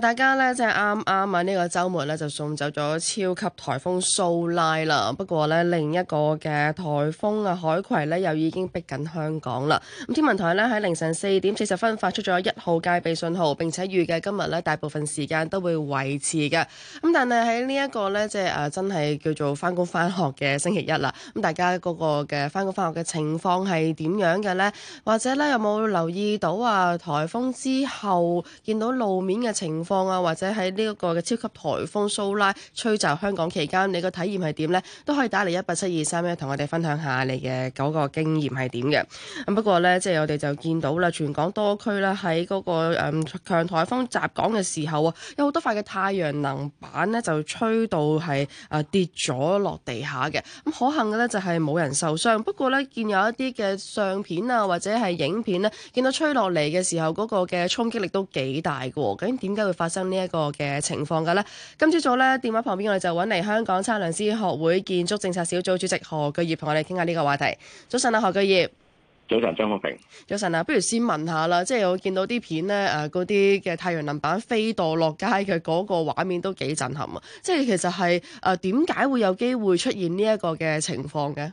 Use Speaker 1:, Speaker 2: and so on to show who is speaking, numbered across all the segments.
Speaker 1: 大家咧，即係啱啱啊呢個周末咧就送走咗超級台風蘇拉啦。不過咧，另一個嘅台風啊，海葵咧又已經逼近香港啦。咁天文台呢，喺凌晨四點四十分發出咗一號戒備信號，並且預計今日咧大部分時間都會維持嘅。咁但係喺呢一個咧，即係誒，真係叫做返工返學嘅星期一啦。咁大家嗰個嘅返工返學嘅情況係點樣嘅咧？或者咧有冇留意到啊？台風之後見到路面嘅情況？方啊，或者喺呢一個嘅超級台風蘇拉吹襲香港期間，你個體驗係點呢？都可以打嚟一八七二三一同我哋分享下你嘅嗰個經驗係點嘅。咁不過呢，即係我哋就見到啦，全港多區咧喺嗰個誒強台風襲港嘅時候啊，有好多塊嘅太陽能板呢就吹到係誒跌咗落地下嘅。咁可幸嘅呢，就係冇人受傷，不過呢，見有一啲嘅相片啊或者係影片呢，見到吹落嚟嘅時候，嗰個嘅衝擊力都幾大嘅。究竟點解？都會發生呢一個嘅情況噶咧。今朝早咧，電話旁邊我哋就揾嚟香港測量師學會建築政策小組主席何鉅業同我哋傾下呢個話題。早晨啊，何鉅業。
Speaker 2: 早晨，張國平。
Speaker 1: 早晨啊，不如先問下啦，即係我見到啲片咧，誒，嗰啲嘅太陽能板飛墮落街嘅嗰個畫面都幾震撼啊！即係其實係誒，點解會有機會出現呢一個嘅情況嘅？
Speaker 2: 誒、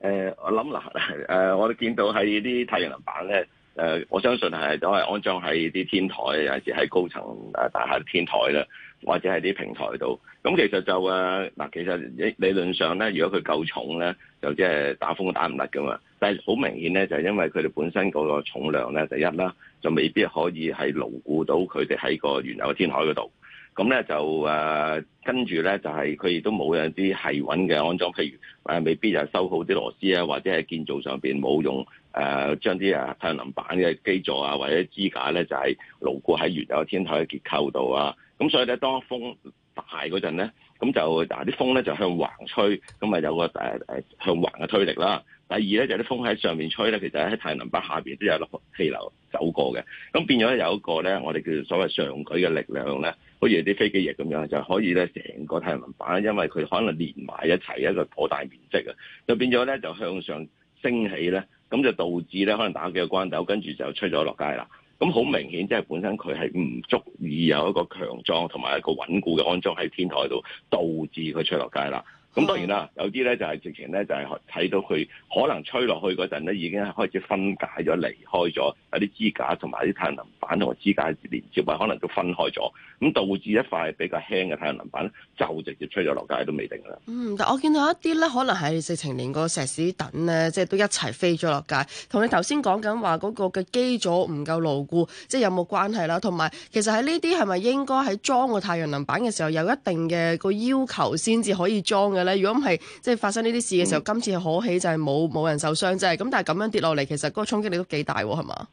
Speaker 2: 呃，我諗嗱，誒、呃，我哋見到喺啲太陽能板咧。誒，我相信係都係安裝喺啲天台，有時喺高層誒大廈天台啦，或者係啲平台度。咁其實就誒，嗱，其實理理論上咧，如果佢夠重咧，就即係打風打唔甩噶嘛。但係好明顯咧，就係因為佢哋本身嗰個重量咧，第一啦，就未必可以係牢固到佢哋喺個原有嘅天台嗰度。咁咧就誒，跟住咧就係佢亦都冇有啲係穩嘅安裝，譬如誒，未必就收好啲螺絲啊，或者係建造上邊冇用。誒、呃、將啲太陽能板嘅基座啊，或者支架咧，就係、是、牢固喺原有天台嘅結構度啊。咁所以咧，當風大嗰陣咧，咁就嗱啲風咧就向橫吹，咁啊有個、呃、向橫嘅推力啦。第二咧就啲、是、風喺上面吹咧，其實喺太陽能板下面都有氣流走過嘅。咁變咗有一個咧，我哋叫做所謂上舉嘅力量咧，好似啲飛機翼咁樣，就可以咧成個太陽能板，因為佢可能連埋一齊，一個好大面積啊，就變咗咧就向上升起咧。咁就導致咧，可能打幾個關鬥，跟住就吹咗落街啦。咁好明顯，即係本身佢係唔足以有一個強壯同埋一個穩固嘅安裝喺天台度，導致佢吹落街啦。咁當然啦，有啲咧就係直情咧就係睇到佢可能吹落去嗰陣咧，已經係開始分解咗、離開咗有啲支架同埋啲太陽能板同埋支架連接，可能都分開咗，咁導致一塊比較輕嘅太陽能板就直接吹咗落街都未定㗎啦。嗯，
Speaker 1: 但我見到一啲咧，可能係直情連個石屎墩咧，即係都一齊飛咗落街。同你頭先講緊話嗰個嘅基礎唔夠牢固，即係有冇關係啦？同埋其實喺呢啲係咪應該喺裝個太陽能板嘅時候有一定嘅個要求先至可以裝的？嘅咧，如果唔係即係發生呢啲事嘅時候，嗯、今次可喜就係冇冇人受傷啫。咁但係咁樣跌落嚟，其實嗰個衝擊力都幾大，係嘛？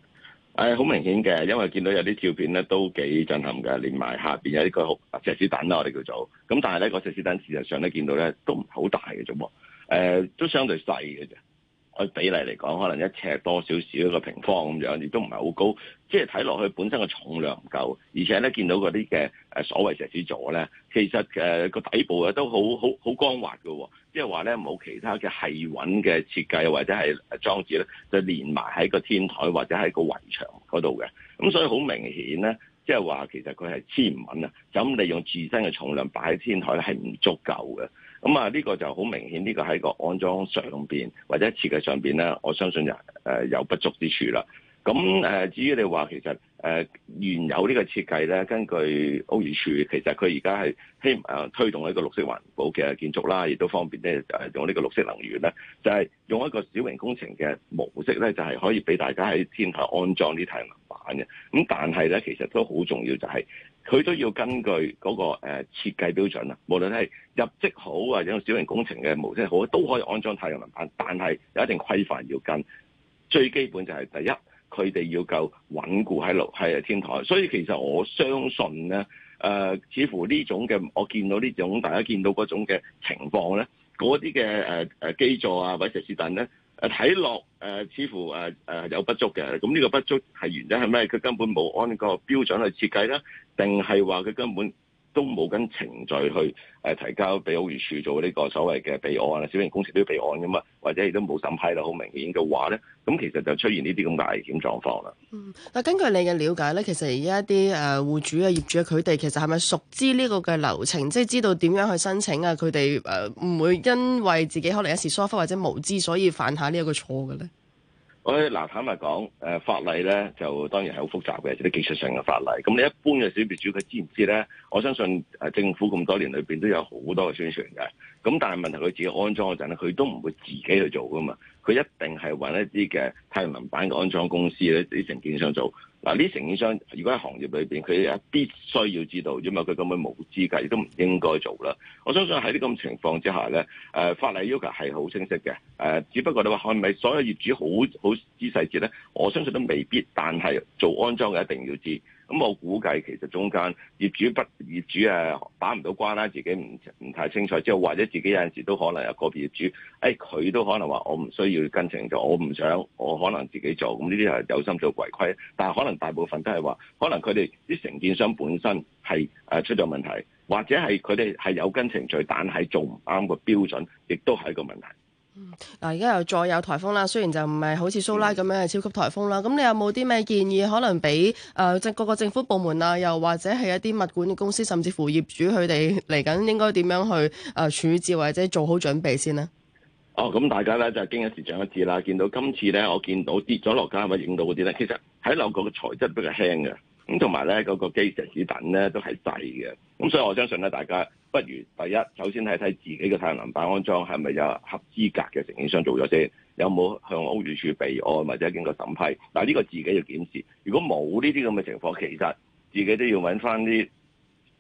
Speaker 2: 誒、欸，好明顯嘅，因為見到有啲照片咧都幾震撼嘅，連埋下邊有一個石屎彈啦，我哋叫做。咁但係咧，個石屎彈事實上咧見到咧都唔好大嘅啫喎，誒都相對細嘅啫。按比例嚟講，可能一尺多少少一個平方咁樣，亦都唔係好高。即係睇落去本身嘅重量唔夠，而且咧見到嗰啲嘅誒所謂石屎座咧，其實誒個底部都好好好光滑嘅哦，即係話咧冇其他嘅繫穩嘅設計或者係裝置咧，就連埋喺個天台或者喺個圍牆嗰度嘅。咁所以好明顯咧，即係話其實佢係黐唔穩啊！咁利用自身嘅重量擺喺天台咧，係唔足夠嘅。咁啊，呢個就好明顯，呢個喺個安裝上面或者設計上面咧，我相信就有不足之處啦。咁誒，至於你話其實誒原有呢個設計咧，根據屋宇署其實佢而家係希望推動一個綠色環保嘅建築啦，亦都方便咧用呢個綠色能源咧，就係用一個小型工程嘅模式咧，就係可以俾大家喺天台安裝啲太陽能板嘅。咁但係咧，其實都好重要，就係、是。佢都要根據嗰個誒設計標準無論係入職好啊，或者小型工程嘅模式好，都可以安裝太陽能板，但係有一定規範要跟。最基本就係第一，佢哋要夠穩固喺度，係天台。所以其實我相信咧、呃，似乎呢種嘅我見到呢種大家見到嗰種嘅情況咧，嗰啲嘅誒基座啊、或者石屎躉咧。誒睇落誒似乎誒誒有不足嘅，咁呢個不足係原因係咩？佢根本冇按個標準去設計咧，定係話佢根本都冇跟程序去提交俾屋宇署做呢個所謂嘅備案，小型工程都要備案噶嘛，或者亦都冇審批得好明顯嘅話咧，咁其實就出現呢啲咁嘅危險狀況啦。嗯，
Speaker 1: 嗱，根據你嘅了解咧，其實而家一啲誒戶主啊、業主啊，佢哋其實係咪熟知呢個嘅流程，即係知道點樣去申請啊？佢哋唔會因為自己可能一時疏忽或者無知，所以犯下呢一個錯嘅咧？
Speaker 2: 我嗱坦白講，誒法例咧就當然係好複雜嘅，即啲技術上嘅法例。咁你一般嘅小業主佢知唔知咧？我相信誒政府咁多年裏面都有好多嘅宣傳嘅。咁但係問題佢自己安裝嗰陣咧，佢都唔會自己去做㗎嘛。佢一定係搵一啲嘅太陽能板嘅安裝公司咧啲承建商做。嗱，呢承建商如果喺行業裏面，佢必須要知道，因為佢根本冇資格，亦都唔應該做啦。我相信喺呢咁情況之下咧，誒法例要求係好清晰嘅。誒，只不過你話係咪所有業主好好知細節咧？我相信都未必，但係做安裝嘅一定要知。咁我估計其實中間業主不業主誒打唔到關啦，自己唔唔太清楚，之後或者自己有陣時都可能有個別業主，誒、哎、佢都可能話我唔需要跟程序，我唔想我可能自己做，咁呢啲係有心做違規,規，但係可能大部分都係話，可能佢哋啲承建商本身係誒出咗問題，或者係佢哋係有跟程序，但係做唔啱個標準，亦都係一個問題。
Speaker 1: 嗱，而家、嗯、又再有颱風啦，雖然就唔係好似蘇拉咁樣嘅、嗯、超級颱風啦。咁你有冇啲咩建議，可能俾誒政各個政府部門啊，又或者係一啲物管嘅公司，甚至乎業主佢哋嚟緊應該點樣去誒、呃、處置，或者做好準備先呢？
Speaker 2: 哦，咁大家咧就經一事，長一智啦。見到今次咧，我見到跌咗落街係咪影到嗰啲咧，其實喺樓閣嘅材質比較輕嘅，咁同埋咧嗰個基石子等咧都係細嘅。咁所以我相信咧，大家。不如第一，首先睇睇自己嘅太陽能板安裝係咪有合資格嘅承建商做咗先，有冇向屋宇署備案或者經過審批？但係呢個自己要檢視。如果冇呢啲咁嘅情況，其實自己都要揾翻啲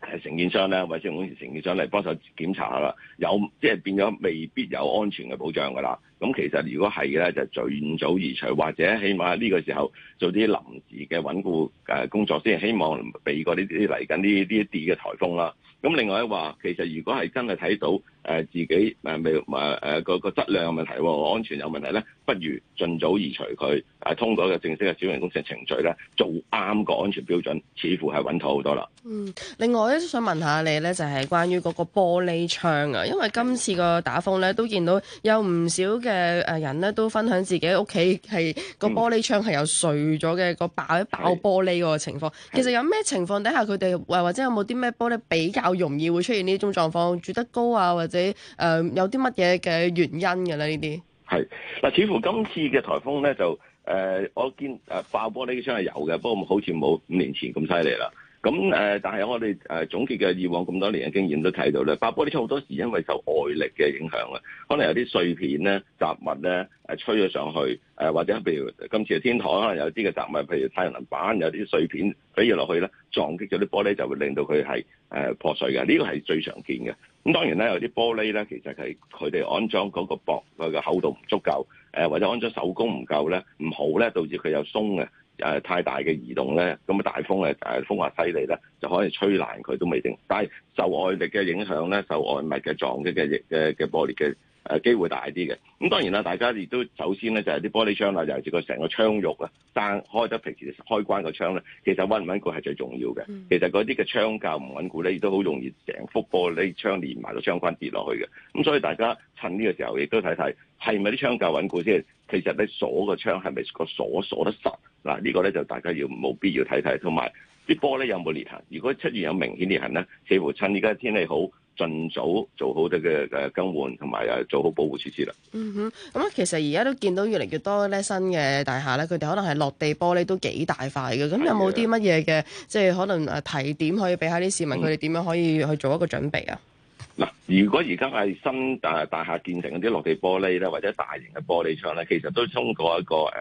Speaker 2: 係承建商咧，或者承建商嚟幫手檢查下啦。有即係、就是、變咗未必有安全嘅保障㗎啦。咁其實如果係嘅咧，就儘早移除，或者起碼呢個時候做啲臨時嘅穩固誒工作先，希望避過呢啲嚟緊呢啲一啲嘅颱風啦。咁另外一話，其實如果係真係睇到。誒自己誒未誒誒個個質量有問題，安全有問題咧，不如盡早移除佢。誒通過一個正式嘅小型工程程序咧，做啱個安全標準，似乎係穩妥好多啦。嗯，
Speaker 1: 另外咧想問下你咧，就係、是、關於嗰個玻璃窗啊，因為今次個打風咧都見到有唔少嘅誒人咧都分享自己屋企係個玻璃窗係有碎咗嘅，個爆、嗯、爆玻璃嗰個情況。是其實有咩情況底下佢哋或或者有冇啲咩玻璃比較容易會出現呢種狀況？住得高啊，或者？你誒、呃、有啲乜嘢嘅原因嘅咧？呢啲
Speaker 2: 係嗱，似乎今次嘅台風咧就誒、呃、我見誒、啊、爆玻璃箱係有嘅，不過好似冇五年前咁犀利啦。咁誒，但係我哋誒總結嘅以往咁多年嘅經驗都睇到咧，玻璃好多時因為受外力嘅影響啊，可能有啲碎片咧、雜物咧誒吹咗上去，誒或者譬如今次嘅天台可能有啲嘅雜物，譬如太陽能板有啲碎片飛入落去咧，撞擊咗啲玻璃就會令到佢係誒破碎嘅，呢個係最常見嘅。咁當然咧有啲玻璃咧，其實係佢哋安裝嗰個薄佢嘅厚度唔足夠，誒或者安裝手工唔夠咧，唔好咧，導致佢有鬆嘅。誒太大嘅移動咧，咁啊大風誒風壓犀利咧，就可以吹爛佢都未定。但係受外力嘅影響咧，受外物嘅撞擊嘅嘅嘅玻璃嘅，誒機會大啲嘅，咁當然啦，大家亦都首先咧就係、是、啲玻璃窗啦，尤其是個成個窗肉啊，但開得平時開關個窗咧，其實穩唔穩固係最重要嘅。嗯、其實嗰啲嘅窗架唔穩固咧，亦都好容易成幅玻璃窗連埋個窗框跌落去嘅。咁所以大家趁呢個時候亦都睇睇，係咪啲窗架穩固先？其實你鎖個窗係咪個鎖鎖得實嗱？個呢個咧就大家要冇必要睇睇，同埋啲玻璃有冇裂痕？如果出現有明顯裂痕咧，似乎趁而家天氣好。盡早做好啲嘅誒更換，同埋誒做好保護設施啦。
Speaker 1: 嗯哼，咁其實而家都見到越嚟越多咧新嘅大廈咧，佢哋可能係落地玻璃都幾大塊嘅。咁有冇啲乜嘢嘅，的即係可能誒提點可以俾下啲市民，佢哋點樣可以去做一個準備啊？
Speaker 2: 嗱、嗯，如果而家係新大大廈建成嗰啲落地玻璃咧，或者大型嘅玻璃窗咧，其實都通過一個誒誒。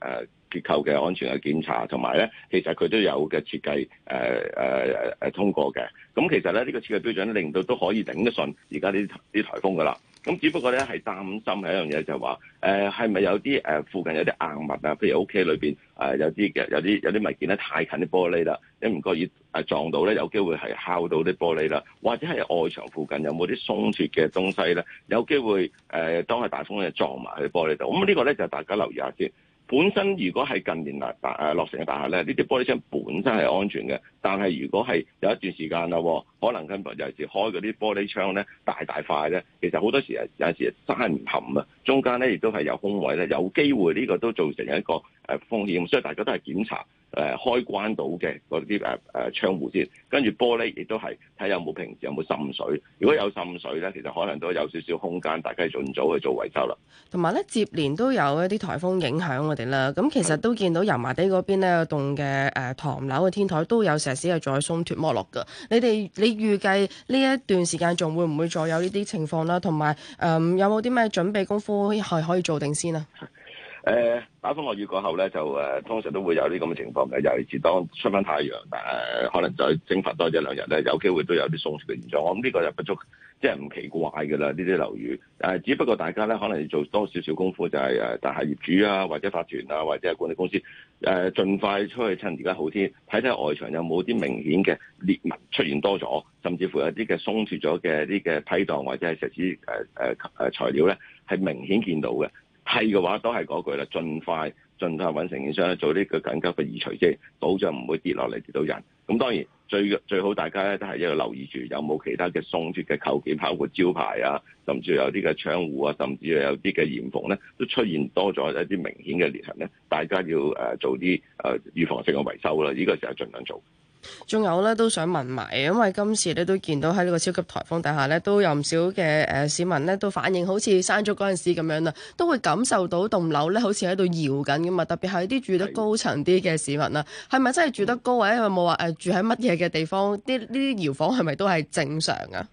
Speaker 2: 呃呃結構嘅安全嘅檢查，同埋咧，其實佢都有嘅設計，誒誒誒通過嘅。咁其實咧，呢個設計標準令到都可以頂得順而家呢啲啲颱風噶啦。咁只不過咧，係擔心一，呃、係係有一樣嘢就係話，誒係咪有啲誒附近有啲硬物啊？譬如屋企裏邊誒有啲嘅，有啲有啲物件咧太近啲玻璃啦，你唔覺意誒撞到咧，有機會係敲到啲玻璃啦，或者係外牆附近有冇啲鬆脫嘅東西咧，有機會誒、呃、當係大風嘅撞埋喺玻璃度。咁呢個咧就大家留意下先。本身如果係近年嚟大誒落成嘅大廈咧，呢啲玻璃窗本身係安全嘅，但係如果係有一段時間啦，可能佢有時開嗰啲玻璃窗咧，大大塊咧，其實好多時啊有時啊山唔冚啊，中間咧亦都係有空位咧，有機會呢個都造成一個誒風險，所以大家都係檢查。誒開關到嘅嗰啲誒誒窗戶先，跟住玻璃亦都係睇有冇平時有冇滲水，如果有滲水咧，其實可能都有少少空間，大家儘早去做維修啦。
Speaker 1: 同埋咧，接連都有一啲颱風影響我哋啦。咁其實都見到油麻地嗰邊咧，有棟嘅誒唐樓嘅天台都有石屎係再鬆脱剝落㗎。你哋你預計呢一段時間仲會唔會再有呢啲情況啦？同埋誒有冇啲咩準備功夫係可以做定先啊？
Speaker 2: 誒、呃、打風落雨過後咧，就誒通常都會有啲咁嘅情況嘅，尤其是當出翻太陽，誒、呃、可能再蒸發多一兩日咧，有機會都有啲鬆脫嘅現象。我諗呢個就不足，即係唔奇怪嘅啦，呢啲樓宇。誒、呃，只不過大家咧可能要做多少少功夫，就係、是、誒，但、呃、係業主啊，或者法團啊，或者係管理公司誒、呃，盡快出去趁而家好天，睇睇外牆有冇啲明顯嘅裂紋出現多咗，甚至乎有啲嘅鬆脱咗嘅啲嘅批盪或者係石屎誒誒誒材料咧，係明顯見到嘅。係嘅話，都係嗰句啦，盡快盡快揾承建商咧，做呢個緊急嘅移除即係，保障唔會跌落嚟跌到人。咁當然最最好大家咧都係要留意住，有冇其他嘅鬆脱嘅構件，包括招牌啊，甚至有啲嘅窗戶啊，甚至有啲嘅檐篷咧，都出現多咗一啲明顯嘅裂痕咧，大家要誒做啲誒預防性嘅維修啦，呢個時候儘量做。
Speaker 1: 仲有咧都想問埋，因為今次咧都見到喺呢個超級颱風底下咧，都有唔少嘅、呃、市民咧都反映好似山竹嗰陣時咁樣啦，都會感受到棟樓咧好似喺度搖緊㗎嘛。特別係啲住得高層啲嘅市民啊，係咪的真係住得高啊？或者冇話住喺乜嘢嘅地方，啲呢啲搖晃係咪都係正常啊？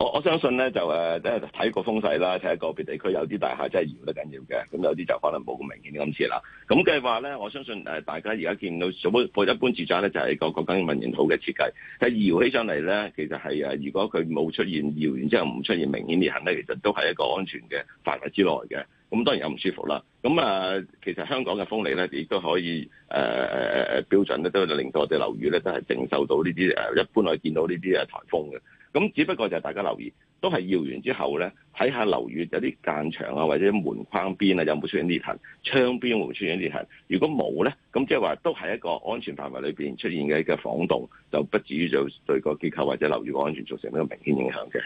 Speaker 2: 我相信咧就誒，睇個風勢啦，睇下個別地區有啲大廈真係搖得緊要嘅，咁有啲就可能冇咁明顯啲咁似啦。咁嘅話咧，我相信大家而家見到，做不做一般住宅咧，就係個結構問型好嘅設計。喺搖起上嚟咧，其實係如果佢冇出現搖，然之後唔出現明顯裂痕咧，其實都係一個安全嘅範圍之內嘅。咁當然有唔舒服啦。咁啊，其實香港嘅風力咧亦都可以誒、呃、標準咧，都令到我哋樓宇咧都係承受到呢啲誒一般可以見到呢啲誒颱風嘅。咁只不過就係大家留意，都係搖完之後咧，睇下樓宇有啲間牆啊，或者門框邊啊，有冇出現裂痕？窗邊會唔會出現裂痕？如果冇咧，咁即係話都係一個安全範圍裏邊出現嘅一個晃動，就不至於就對個結構或者樓宇嘅安全造成一個明顯影響嘅。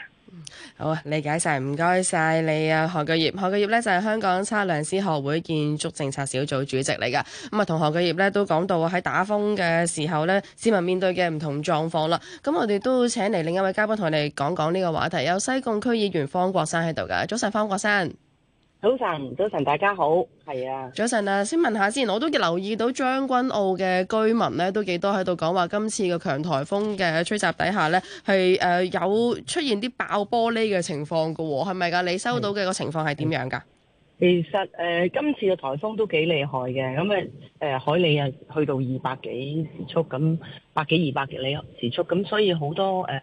Speaker 1: 好啊，理解晒，唔該晒你啊，何鉅業。何鉅業咧就係香港測量師學會建築政策小組主席嚟噶。咁啊，同何鉅業咧都講到喺打風嘅時候咧，市民面對嘅唔同狀況啦。咁我哋都請嚟另一位嘉賓同我哋講講呢個話題，有西貢區議員方國珊喺度噶。早晨，方國珊。早晨，
Speaker 3: 早晨，大家好，
Speaker 1: 係啊。早晨啊，先問下先，我都留意到將軍澳嘅居民咧，都幾多喺度講話今次嘅強台風嘅吹襲底下咧，係誒、呃、有出現啲爆玻璃嘅情況噶，係咪噶？你收到嘅個情況係點樣噶、嗯嗯？其實誒、呃，今次嘅台風都幾厲害嘅，
Speaker 3: 咁誒誒，海裏啊去到二百幾時速，咁百幾二百幾里時速，咁所以好多誒。呃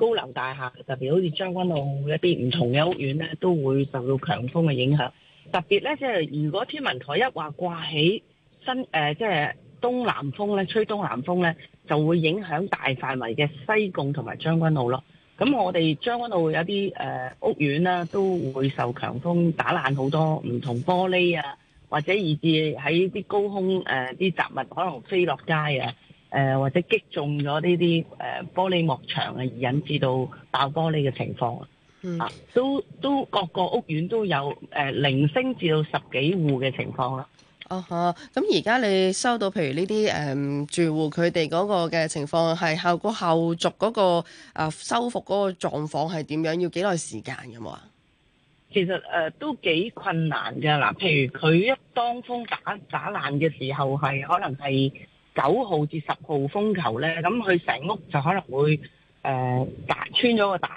Speaker 3: 高樓大廈特別好似將軍澳一啲唔同嘅屋苑咧，都會受到強風嘅影響。特別咧，即係如果天文台一話掛起新誒，即係東南風咧，吹東南風咧，就會影響大範圍嘅西貢同埋將軍澳咯。咁我哋將軍澳有啲誒屋苑啦，都會受強風打爛好多唔同玻璃啊，或者以至喺啲高空誒啲雜物可能飛落街啊。誒或者擊中咗呢啲誒玻璃幕牆啊，而引致到爆玻璃嘅情況啊，啊都都各個屋苑都有誒零星至到十幾戶嘅情況啦。
Speaker 1: 哦呵，咁而家你收到譬如呢啲誒住戶佢哋嗰個嘅情況係效果後續嗰個啊修復嗰個狀況係點樣？要幾耐時間嘅有冇啊？其實誒
Speaker 3: 都幾困難㗎嗱，譬如佢一當風打打爛嘅時候係可能係。九號至十號風球呢，咁佢成屋就可能會誒隔、呃、穿咗個大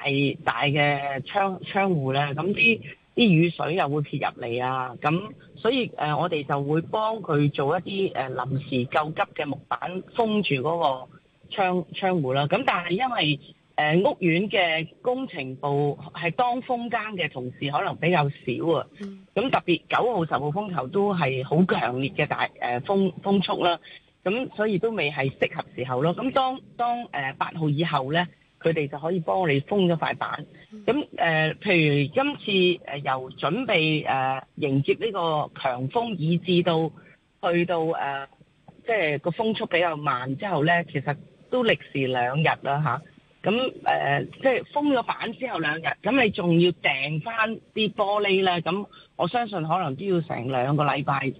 Speaker 3: 大嘅窗窗戶呢，咁啲啲雨水又會撇入嚟啊！咁所以誒、呃，我哋就會幫佢做一啲誒、呃、臨時救急嘅木板封住嗰個窗窗戶啦。咁但係因為誒、呃、屋苑嘅工程部係當風間嘅同事可能比較少啊，咁特別九號十號風球都係好強烈嘅大誒、呃、風風速啦。咁所以都未係適合時候咯。咁當當誒八號以後咧，佢哋就可以幫我哋封咗塊板。咁誒、呃，譬如今次由準備誒、呃、迎接呢個強風以，以至到去到誒、呃，即係個風速比較慢之後咧，其實都歷時兩日啦吓，咁、啊、誒、呃，即係封咗板之後兩日，咁你仲要訂翻啲玻璃咧？咁我相信可能都要成兩個禮拜。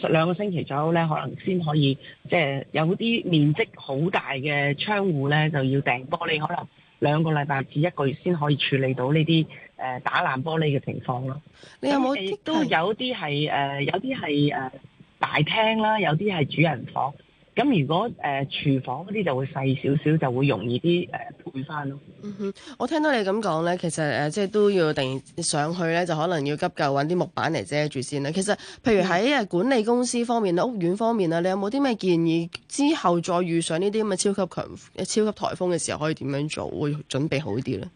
Speaker 3: 十兩個星期左右咧，可能先可以即係有啲面積好大嘅窗戶咧，就要訂玻璃，可能兩個禮拜至一個月先可以處理到呢啲誒打爛玻璃嘅情況咯。你有冇都有啲係誒，有啲係誒大廳啦，有啲係主人房。咁如果誒、呃、廚房嗰啲就會細少少，就會容易啲誒配翻咯。呃、
Speaker 1: 嗯哼，我聽到你咁講咧，其實誒即係都要定上去咧，就可能要急救揾啲木板嚟遮住先啦。其實，譬如喺誒管理公司方面啦、屋苑方面啦，你有冇啲咩建議之後再遇上呢啲咁嘅超級強、超級颱風嘅時候，可以點樣做，會準備好啲咧？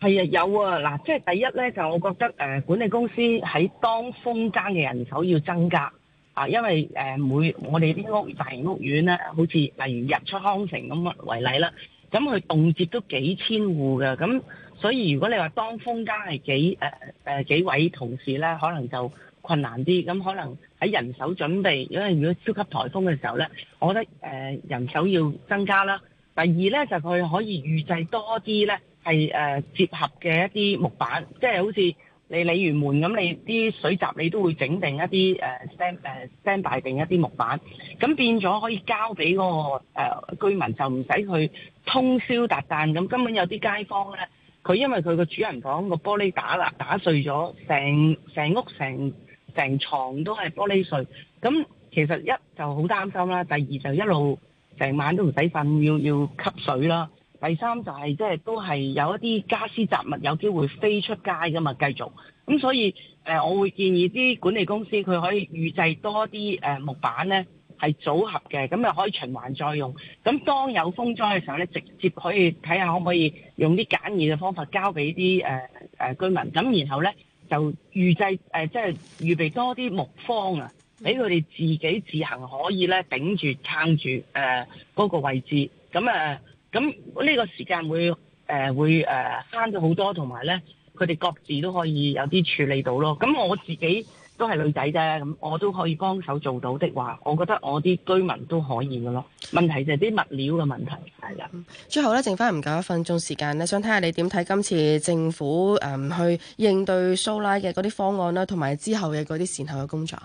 Speaker 3: 係啊，有啊，嗱，即係第一咧，就我覺得誒、呃、管理公司喺當風爭嘅人手要增加。啊，因為誒每我哋啲屋大型屋苑咧，好似例如日出康城咁啊為例啦，咁佢動輒都幾千戶嘅，咁所以如果你話當風間係幾誒誒幾位同事咧，可能就困難啲，咁可能喺人手準備，因為如果超級颱風嘅時候咧，我覺得誒人手要增加啦。第二咧就佢可以預製多啲咧，係誒接合嘅一啲木板，即係好似。你鯉魚門咁，那你啲水閘你都會整定一啲誒、uh, stand 誒、uh, stand by 定一啲木板，咁變咗可以交俾嗰、那個、uh, 居民，就唔使去通宵達旦咁。根本有啲街坊咧，佢因為佢個主人房個玻璃打爛打碎咗，成成屋成成牀都係玻璃碎。咁其實一就好擔心啦，第二就一路成晚都唔使瞓，要要吸水啦。第三就係即係都係有一啲家私雜物有機會飛出街噶嘛，繼續咁，所以誒，我會建議啲管理公司佢可以預製多啲誒木板咧，係組合嘅，咁又可以循環再用。咁當有風災嘅時候咧，直接可以睇下可唔可以用啲簡易嘅方法交俾啲誒誒居民，咁然後咧就預製誒，即、呃、係、就係、預備多啲木方啊，俾佢哋自己自行可以咧頂住撐住誒嗰、呃嗰個位置，咁、呃、誒。咁呢個時間會誒、呃、會誒慳咗好多，同埋咧佢哋各自都可以有啲處理到咯。咁我自己都係女仔啫，咁我都可以幫手做到的話，我覺得我啲居民都可以噶咯。問題就係啲物料嘅問題
Speaker 1: 係啦。最後咧，剩翻唔夠一分鐘時間咧，想睇下你點睇今次政府誒、嗯、去應對蘇拉嘅嗰啲方案啦，同埋之後嘅嗰啲善後嘅工作。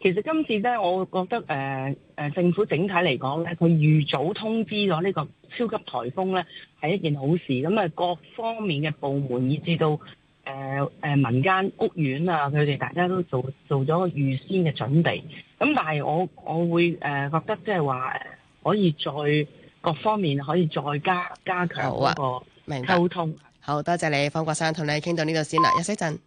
Speaker 1: 其實今
Speaker 3: 次咧，我覺得誒誒政府整體嚟講咧，佢預早通知咗呢個超級颱風咧，係一件好事。咁啊，各方面嘅部門以至到誒誒民間屋苑啊，佢哋大家都做做咗預先嘅準備。咁但係我我會誒覺得即係話誒可以再各方面可以再加加強嗰個溝通。好啊，
Speaker 1: 明白。好，多謝你方國珊，同你傾到呢度先啦，休息一陣。